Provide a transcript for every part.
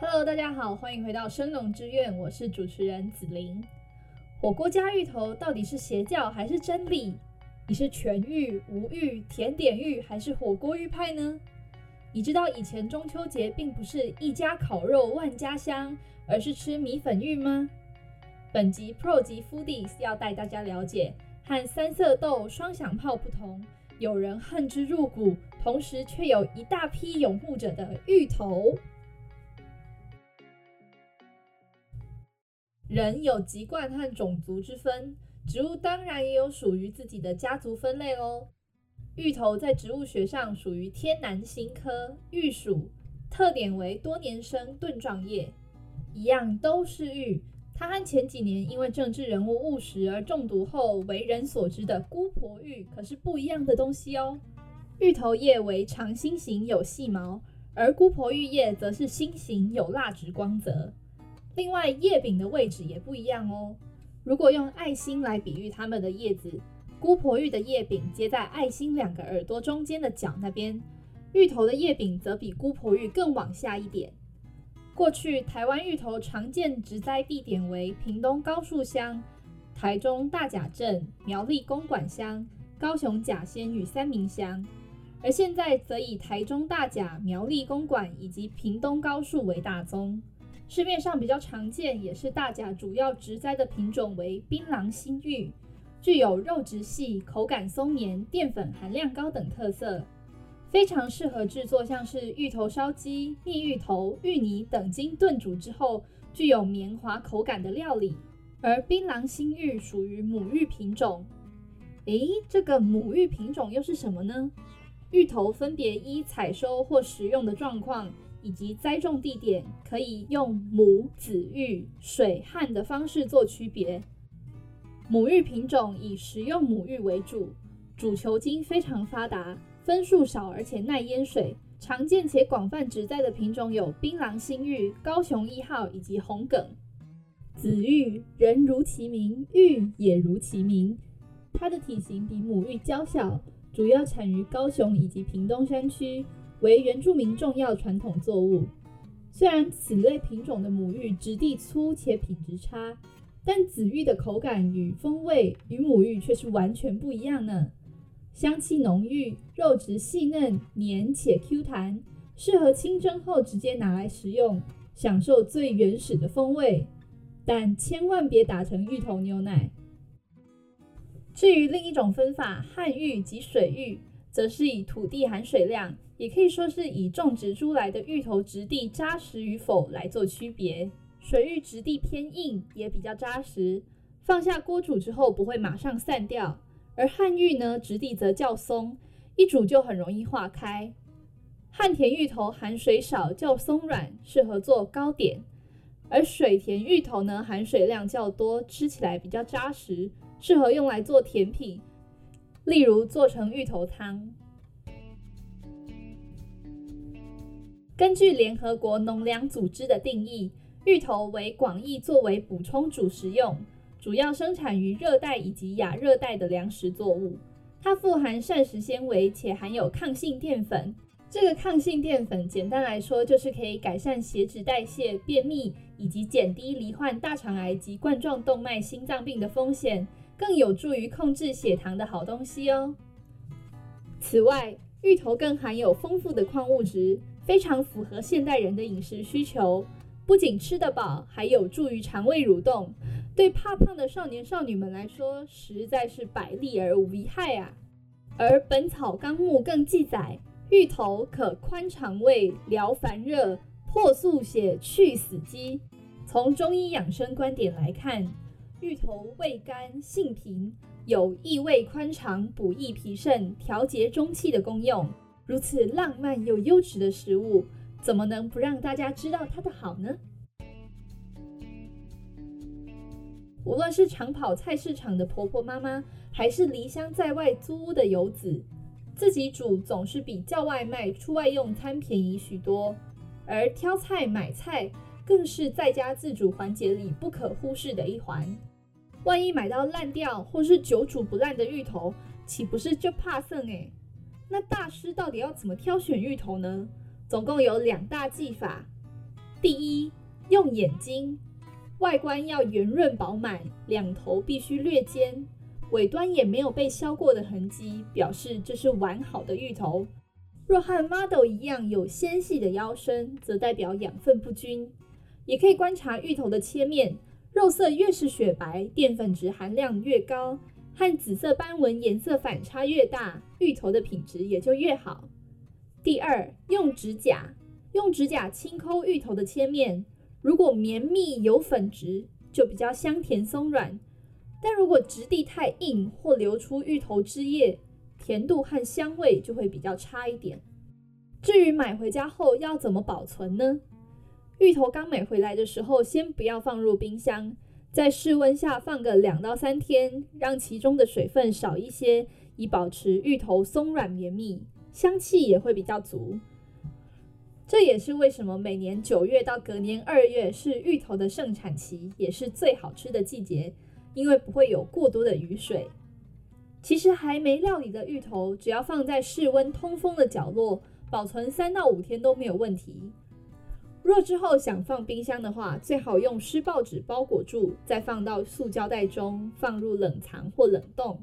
Hello，大家好，歡迎回到生龍之願，我是主持人紫菱。火鍋加芋頭到底是邪教還是真理？你是全芋、無芋、甜點芋，還是火鍋芋派呢？你知道以前中秋節並不是一家烤肉萬家香，而是吃米粉芋嗎？本集 Pro 級 Foodies 要帶大家了解，和三色豆、雙響炮不同，有人恨之入骨，同時卻有一大批擁護者的芋頭。人有籍貫和種族之分，植物當然也有屬於自己的家族分類哦。芋頭在植物學上屬於天南星科芋屬，特點為多年生盾狀葉。一樣都是芋，它和前幾年因為政治人物誤食而中毒後為人所知的“姑婆芋”可是不一樣的東西哦。芋頭葉為長心形，有細毛，而姑婆芋葉則是心形，有蠟質光澤。另外，葉柄的位置也不一樣哦。如果用愛心來比喻它們的葉子，姑婆芋的葉柄接在愛心兩個耳朵中間的角那邊，芋頭的葉柄則比姑婆芋更往下一點。過去台灣芋頭常見植栽地點為屏東高樹鄉、台中大甲鎮、苗栗公館鄉、高雄甲仙與三民鄉，而現在則以台中大甲、苗栗公館以及屏東高樹為大宗。市面上比較常見，也是大甲主要植栽的品種為檳榔心芋，具有肉質細、口感鬆綿、澱粉含量高等特色，非常適合制作像是芋頭燒雞、蜜芋頭、芋泥等經燉煮之後具有綿滑口感的料理。而檳榔心芋屬於母芋品種，誒、欸，這個母芋品種又是什麼呢？芋頭分別依採收或食用的狀況。以及栽種地點可以用母、子芋水旱的方式做區別。母芋品種以食用母芋為主，主球莖非常發達，分數少而且耐淹水。常見且廣泛植栽的品種有檳榔心芋、高雄一號以及紅梗。子芋人如其名，芋也如其名。它的體型比母芋嬌，嬌小，主要產於高雄以及屏東山區。為原住民重要傳統作物。雖然此類品種的母芋質地粗且品質差，但子芋的口感與風味與母芋卻是完全不一樣呢。香氣濃郁，肉質細嫩、黏且 Q 彈，適合清蒸後直接拿來食用，享受最原始的風味。但千萬別打成芋頭牛奶。至於另一種分法，旱芋及水芋，則是以土地含水量。也可以說是以種植出來的芋頭質地扎實與否來做區別。水芋質地偏硬，也比較扎實，放下鍋煮之後不會馬上散掉；而旱芋呢，質地則較鬆，一煮就很容易化開。旱田芋頭含水少，較鬆軟，適合做糕點；而水田芋頭呢，含水量較多，吃起來比較扎實，適合用來做甜品，例如做成芋頭湯。根據聯合國農糧組織的定義，芋頭為廣義作為補充主食用，主要生產於熱帶以及亞熱帶的糧食作物。它富含膳食纖維且含有抗性澱粉。這個抗性澱粉簡單來說就是可以改善血脂代謝、便秘以及減低罹患大腸癌及冠狀動脈心臟病的風險，更有助於控制血糖的好東西哦。此外，芋頭更含有豐富的礦物質。非常符合現代人的飲食需求，不僅吃得飽，還有助於腸胃蠕動。對怕胖的少年少女們來說，實在是百利而無一害啊。而《本草綱目》更記載，芋頭可寬腸胃、療煩熱、破宿血、去死肌。從中醫養生觀點來看，芋頭味甘性平，有益胃寬腸、補益脾腎、調節中氣的功用。如此浪漫又優質的食物，怎麼能不讓大家知道它的好呢？無論是常跑菜市場的婆婆媽媽，還是離鄉在外租屋的游子，自己煮總是比叫外賣、出外用餐便宜許多。而挑菜買菜更是在家自主環節裡不可忽視的一環。萬一買到爛掉或是久煮不爛的芋頭，豈不是就怕剩哎、欸？那大師到底要怎麼挑選芋頭呢？總共有兩大技法。第一，用眼睛，外觀要圓潤飽滿，兩頭必須略尖，尾端也沒有被削過的痕跡，表示這是完好的芋頭。若和 model 一樣有纖細的腰身，則代表養分不均。也可以觀察芋頭的切面，肉色越是雪白，澱粉質含量越高。和紫色斑紋顏色反差越大，芋頭的品質也就越好。第二，用指甲，用指甲輕摳芋頭的切面，如果綿密有粉質，就比較香甜鬆軟；但如果質地太硬或流出芋頭汁液，甜度和香味就會比較差一點。至於買回家後要怎麼保存呢？芋頭剛買回來的時候，先不要放入冰箱。在室溫下放個兩到三天，讓其中的水分少一些，以保持芋頭鬆軟綿密，香氣也會比較足。這也是為什麼每年九月到隔年二月是芋頭的盛產期，也是最好吃的季節，因為不會有過多的雨水。其實還沒料理的芋頭，只要放在室溫通風的角落，保存三到五天都沒有問題。若之後想放冰箱的話，最好用濕報紙包裹住，再放到塑膠袋中，放入冷藏或冷凍。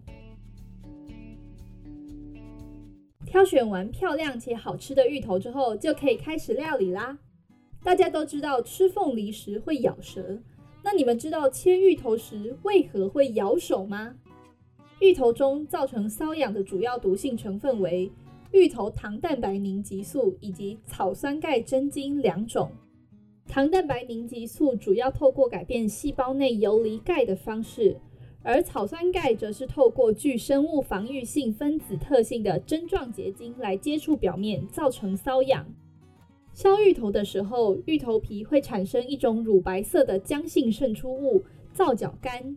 挑選完漂亮且好吃的芋頭之後，就可以開始料理啦。大家都知道吃鳳梨時會咬舌，那你們知道切芋頭時為何會咬手嗎？芋頭中造成瘙癢的主要毒性成分為。芋頭糖蛋白凝集素以及草酸鈣針晶兩種。糖蛋白凝集素主要透過改變細胞內游離鈣的方式，而草酸鈣則是透過具生物防禦性分子特性的針狀結晶來接觸表面，造成瘙癢。削芋頭的時候，芋頭皮會產生一種乳白色的漿性滲出物，皂角苷，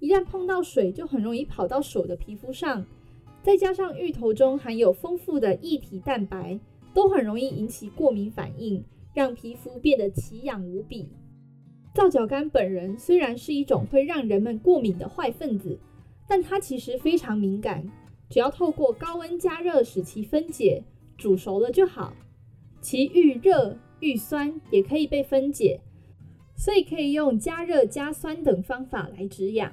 一旦碰到水就很容易跑到手的皮膚上。再加上芋頭中含有豐富的異體蛋白，都很容易引起過敏反應，讓皮膚變得奇癢無比。皂角苷本人雖然是一種會讓人們過敏的壞分子，但它其實非常敏感，只要透過高溫加熱使其分解，煮熟了就好。其遇熱、遇酸也可以被分解，所以可以用加熱加酸等方法來止癢。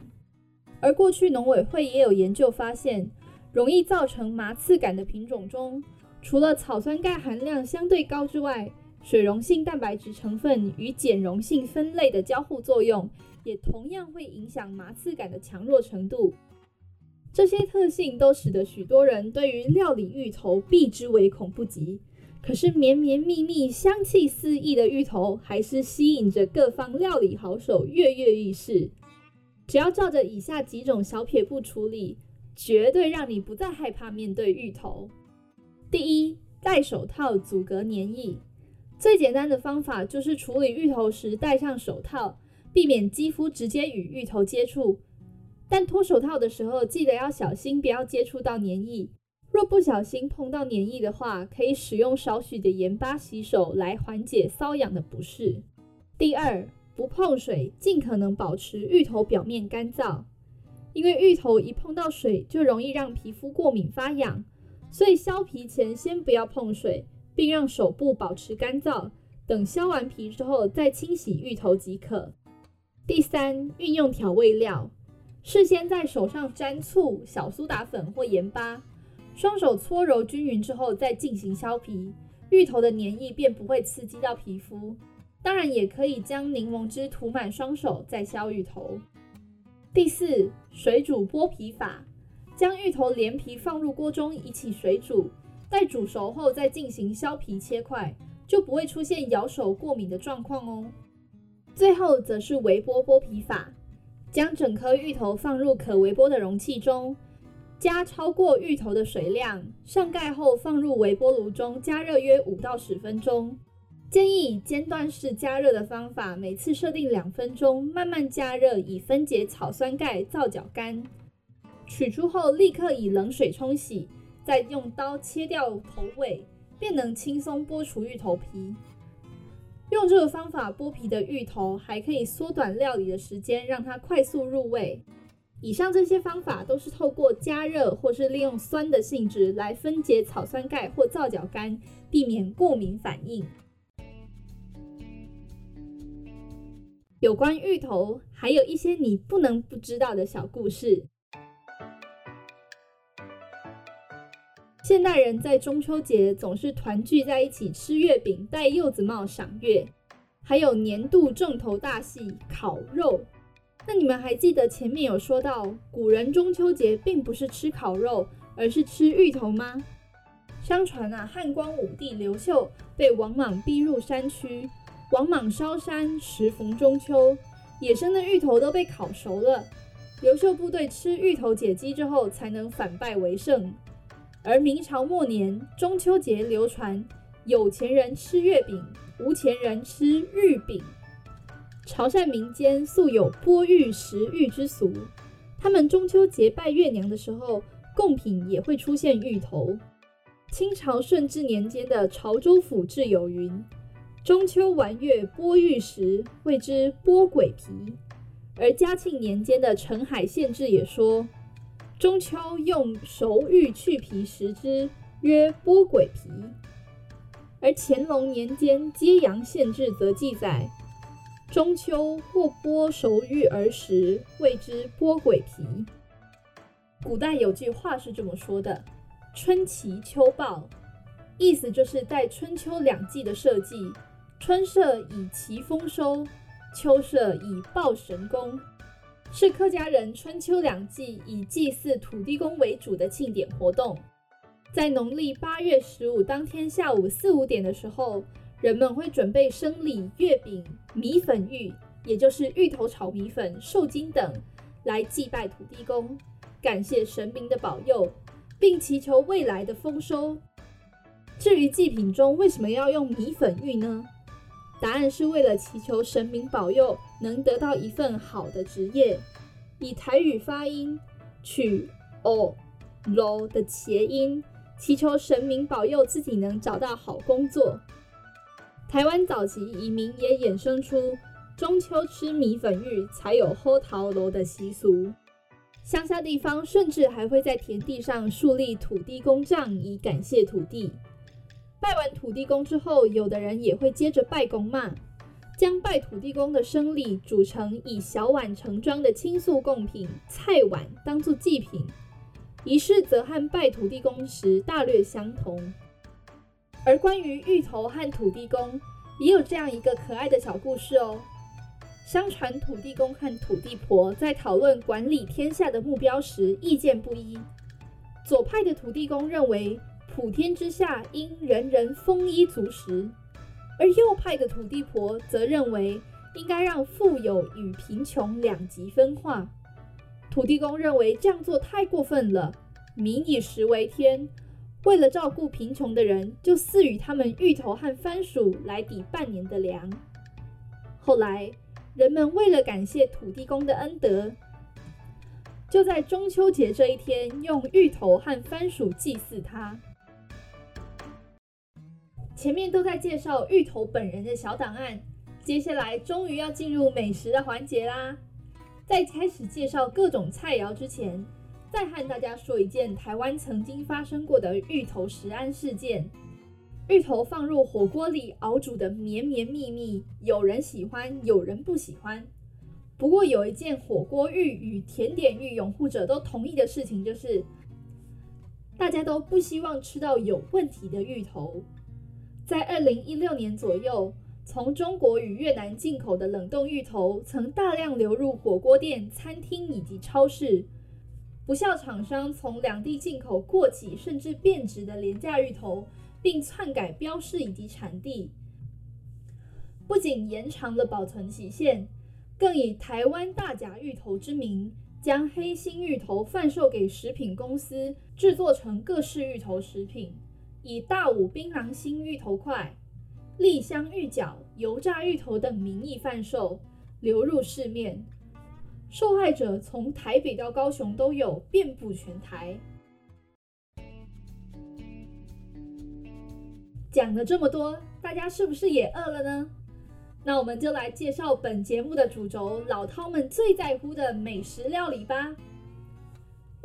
而過去農委會也有研究發現。容易造成麻刺感的品種中，除了草酸鈣含量相對高之外，水溶性蛋白質成分與鹼溶性分類的交互作用，也同樣會影響麻刺感的強弱程度。這些特性都使得許多人對於料理芋頭避之唯恐不及。可是綿綿密密、香氣四溢的芋頭，還是吸引着各方料理好手躍躍欲試。只要照着以下幾種小撇步處理。絕對讓你不再害怕面對芋頭。第一，戴手套阻隔黏液。最簡單的方法就是處理芋頭時戴上手套，避免肌膚直接與芋頭接觸。但脫手套的時候記得要小心，不要接觸到黏液。若不小心碰到黏液的話，可以使用少許的鹽巴洗手來緩解瘙癢的不適。第二，不碰水，盡可能保持芋頭表面乾燥。因為芋頭一碰到水就容易讓皮膚過敏發癢，所以削皮前先不要碰水，並讓手部保持乾燥。等削完皮之後再清洗芋頭即可。第三，運用調味料，事先在手上沾醋、小蘇打粉或鹽巴，雙手搓揉均勻之後再進行削皮，芋頭的黏液便不會刺激到皮膚。當然，也可以將檸檬汁塗滿雙手再削芋頭。第四，水煮剝皮法，將芋頭連皮放入鍋中一起水煮，待煮熟後再進行削皮切塊，就不會出現咬手過敏的狀況哦。最後則是微波剝皮法，將整顆芋頭放入可微波的容器中，加超過芋頭的水量，上蓋後放入微波爐中加熱約五到十分鐘。建議以間斷式加熱的方法，每次設定兩分鐘，慢慢加熱以分解草酸鈣皂角苷。取出後立刻以冷水沖洗，再用刀切掉頭尾，便能輕鬆剝除芋頭皮。用這個方法剝皮的芋頭，還可以縮短料理的時間，讓它快速入味。以上這些方法都是透過加熱或是利用酸的性質來分解草酸鈣或皂角苷，避免過敏反應。有關芋頭，還有一些你不能不知道的小故事。現代人在中秋節總是團聚在一起吃月餅、戴柚子帽賞月，還有年度重頭大戲烤肉。那你們還記得前面有說到，古人中秋節並不是吃烤肉，而是吃芋頭嗎？相傳啊，漢光武帝劉秀被王莽逼入山區。王莽燒山時逢中秋，野生的芋頭都被烤熟了。劉秀部隊吃芋頭解飢之後，才能反敗為勝。而明朝末年中秋節流傳，有錢人吃月餅，無錢人吃芋餅。潮汕民間素有剝芋食芋之俗，他們中秋節拜月娘的時候，貢品也會出現芋頭。清朝順治年間的《潮州府志》有云。中秋玩月剝芋時，謂之剝鬼皮。而嘉慶年間的澄海縣志也說，中秋用熟芋去皮食之，曰剝鬼皮。而乾隆年間揭陽縣志則記載，中秋或剝熟芋而食，謂之剝鬼皮。古代有句話是這麼說的：“春祈秋報”，意思就是在春秋兩季的社祭。春社以祈豐收，秋社以報神功，是客家人春秋兩季以祭祀土地公為主的慶典活動。在農曆八月十五當天下午四五點的時候，人們會準備牲禮、月餅、米粉芋，也就是芋頭炒米粉、壽金等，來祭拜土地公，感謝神明的保佑，並祈求未來的豐收。至於祭品中為什麼要用米粉芋呢？答案是為了祈求神明保佑，能得到一份好的職業。以台語發音，取“哦樓”的諧音，祈求神明保佑自己能找到好工作。台灣早期移民也衍生出中秋吃米粉芋才有好頭路的習俗，鄉下地方甚至還會在田地上樹立土地公像以感謝土地。拜完土地公之後，有的人也會接着拜公媽，將拜土地公的牲醴組成以小碗盛裝的清素貢品菜碗當做祭品，儀式則和拜土地公時大略相同。而關於芋頭和土地公，也有這樣一個可愛的小故事哦。相傳土地公和土地婆在討論管理天下的目標時意見不一，左派的土地公認為，普天之下因人人豐衣足食，而右派的土地婆則認為應該讓富有與貧窮兩極分化。土地公認為這樣做太過分了，民以食為天，為了照顧貧窮的人，就賜予他們芋頭和番薯來抵半年的糧。後來，人們為了感謝土地公的恩德，就在中秋節這一天用芋頭和番薯祭祀他。前面都在介紹芋頭本人的小檔案，接下來終於要進入美食的環節啦。在開始介紹各種菜肴之前，再和大家說一件台灣曾經發生過的芋頭食安事件：芋頭放入火鍋裡熬煮得綿綿密密，有人喜歡，有人不喜歡。不過有一件火鍋芋與甜點芋擁護者都同意的事情，就是大家都不希望吃到有問題的芋頭。在二零一六年左右，從中國與越南進口的冷凍芋頭曾大量流入火鍋店、餐廳以及超市。不肖廠商從兩地進口過期甚至變質的廉價芋頭，並篡改標識以及產地，不僅延長了保存期限，更以台灣大甲芋頭之名，將黑心芋頭販售給食品公司，制作成各式芋頭食品。以大五檳榔心、芋頭塊、栗香芋角、油炸芋頭等名義販售流入市面，受害者從台北到高雄都有，遍佈全台。講了這麼多，大家是不是也餓了呢？那我們就來介紹本節目的主軸——老饕們最在乎的美食料理吧。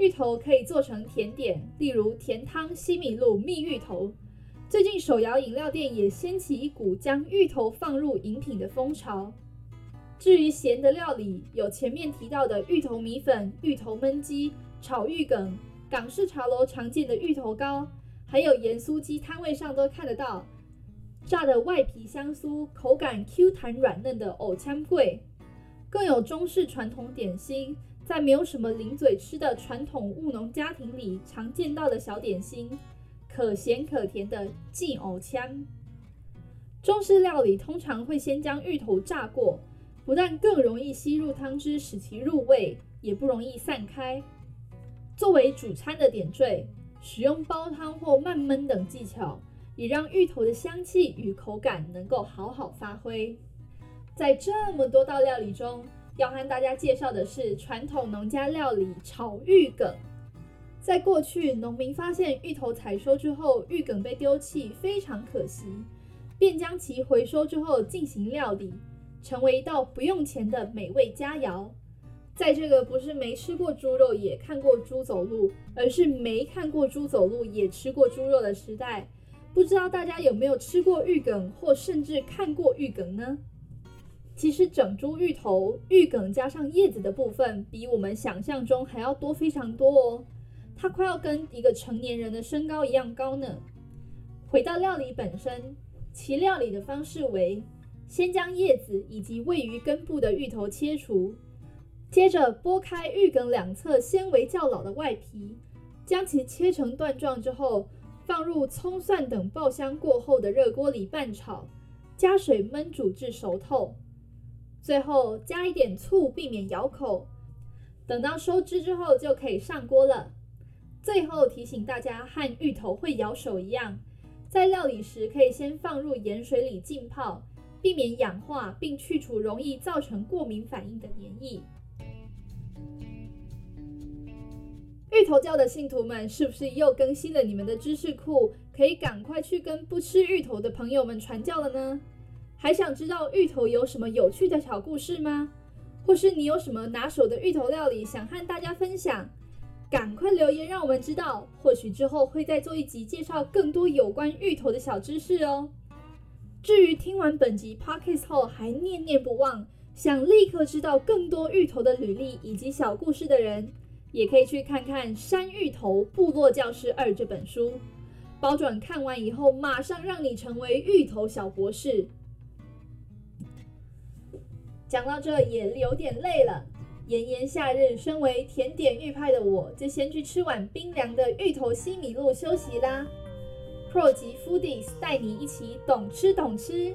芋頭可以做成甜點，例如甜湯、西米露、蜜芋頭。最近手搖飲料店也掀起一股將芋頭放入飲品的風潮。至於鹹的料理，有前面提到的芋頭米粉、芋頭燜雞、炒芋梗、港式茶樓常見的芋頭糕，還有鹽酥雞攤位上都看得到炸得外皮香酥、口感 Q 彈軟嫩的芋籤粿，更有中式傳統點心，在沒有什麼零嘴吃的傳統務農家庭裡，常見到的小點心，可鹹可甜的芋粿巧。中式料理通常會先將芋頭炸過，不但更容易吸入湯汁，使其入味，也不容易散開。作為主餐的點綴，使用煲湯或慢燜等技巧，也讓芋頭的香氣與口感能夠好好發揮。在這麼多道料理中，要和大家介紹的是傳統農家料理炒芋梗。在過去，農民發現芋頭採收之後，芋梗被丟棄，非常可惜，便將其回收之後進行料理，成為一道不用錢的美味佳餚。在這個不是沒吃過豬肉也看過豬走路，而是沒看過豬走路也吃過豬肉的時代，不知道大家有沒有吃過芋梗，或甚至看過芋梗呢？其實整株芋頭、芋梗加上葉子的部分，比我們想象中還要多非常多哦，它快要跟一個成年人的身高一樣高呢。回到料理本身，其料理的方式為：先將葉子以及位於根部的芋頭切除，接着剝開芋梗兩側纖維較老的外皮，將其切成段狀之後，放入蔥蒜等爆香過後的熱鍋裡拌炒，加水燜煮至熟透。最後加一點醋，避免咬口。等到收汁之後，就可以上鍋了。最後提醒大家，和芋頭會咬手一樣，在料理時可以先放入鹽水裡浸泡，避免氧化，並去除容易造成過敏反應的粘液。芋頭教的信徒們，是不是又更新了你們的知識庫？可以趕快去跟不吃芋頭的朋友們傳教了呢？還想知道芋頭有什麼有趣的小故事嗎？或是你有什麼拿手的芋頭料理想和大家分享？趕快留言讓我們知道，或許之後會再做一集介紹更多有關芋頭的小知識哦。至於聽完本集 podcast 後還念念不忘，想立刻知道更多芋頭的履歷以及小故事的人，也可以去看看《山芋頭部落教室二》這本書，保準看完以後馬上讓你成為芋頭小博士。講到這也有點累了，炎炎夏日，身為甜點芋派的我，就先去吃碗冰涼的芋頭西米露休息啦。Pro 級 Foodies 帶你一起懂吃懂吃。